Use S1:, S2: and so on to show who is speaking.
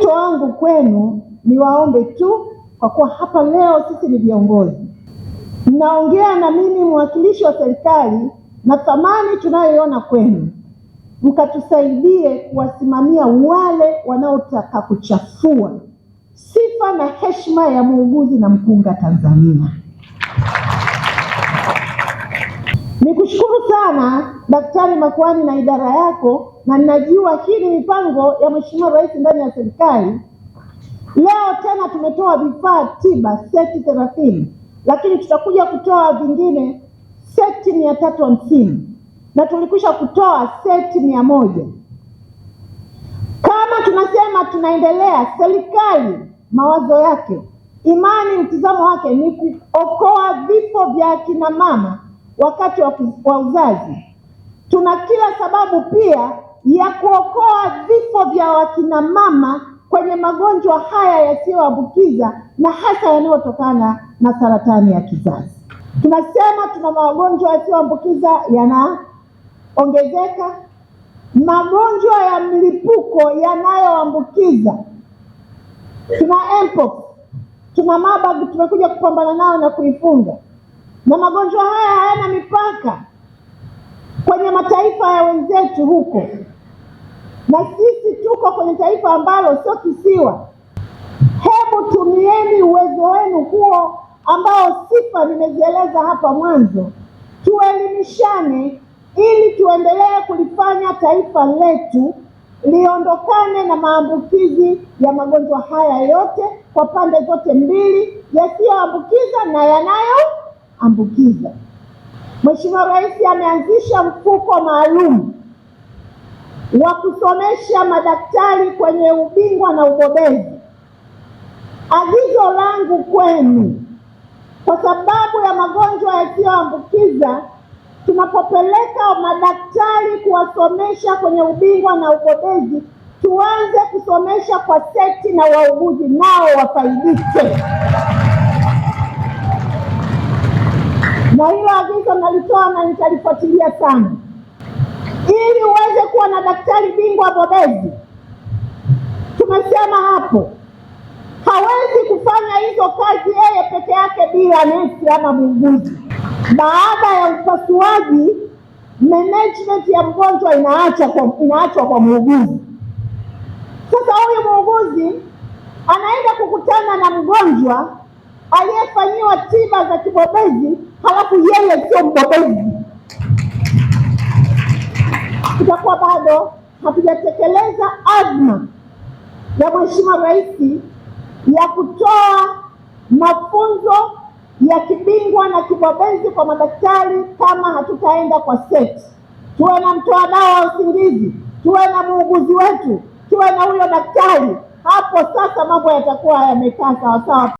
S1: Wito wangu kwenu ni waombe tu, kwa kuwa hapa leo sisi ni viongozi, mnaongea na mimi mwakilishi wa serikali, na thamani tunayoiona kwenu, mkatusaidie kuwasimamia wale wanaotaka kuchafua sifa na heshima ya muuguzi na mkunga Tanzania. Nikushukuru sana Daktari Makwani na idara yako, na ninajua hii ni mipango ya Mheshimiwa Rais ndani ya serikali. Leo tena tumetoa vifaa tiba seti thelathini, lakini tutakuja kutoa vingine seti mia tatu hamsini na tulikwisha kutoa seti mia moja. Kama tunasema tunaendelea, serikali mawazo yake, imani, mtizamo wake ni kuokoa vifo vya akina mama wakati wa uzazi. Tuna kila sababu pia ya kuokoa vifo vya wakina mama kwenye magonjwa haya yasiyoambukiza na hasa yanayotokana na saratani ya kizazi. Tunasema tuna magonjwa yasiyoambukiza yanaongezeka, magonjwa ya mlipuko yanayoambukiza tuna mpox, tuna mabag, tumekuja kupambana nayo na kuifunga na magonjwa haya hayana mipaka kwenye mataifa ya wenzetu huko, na sisi tuko kwenye taifa ambalo sio kisiwa. Hebu tumieni uwezo wenu huo ambao sifa nimezieleza hapa mwanzo, tuelimishane ili tuendelee kulifanya taifa letu liondokane na maambukizi ya magonjwa haya yote kwa pande zote mbili, yasiyoambukiza na yanayo ambukiza. Mheshimiwa Rais ameanzisha mfuko maalum wa kusomesha madaktari kwenye ubingwa na ubobezi. Agizo langu kwenu, kwa sababu ya magonjwa yasiyoambukiza, tunapopeleka madaktari kuwasomesha kwenye ubingwa na ubobezi, tuanze kusomesha kwa seti na wauguzi nao wafaidike. na hilo agizo nalitoa na nitalifuatilia sana, ili uweze kuwa na daktari bingwa bobezi. Tumesema hapo hawezi kufanya hizo kazi yeye peke yake bila nesi ama muuguzi. Baada ya upasuaji, management ya mgonjwa inaachwa kwa, inaachwa kwa muuguzi. Sasa huyu muuguzi anaenda kukutana na mgonjwa aliyefanyiwa tiba za kibobezi halafu yeye sio mbobezi, tutakuwa bado hatujatekeleza azma ya Mheshimiwa Rais ya kutoa mafunzo ya kibingwa na kibobezi kwa madaktari kama hatutaenda kwa seti. Tuwe na mtoa dawa wa usingizi, tuwe na muuguzi wetu, tuwe na huyo daktari. Hapo sasa mambo yatakuwa yamekaa sawasawa.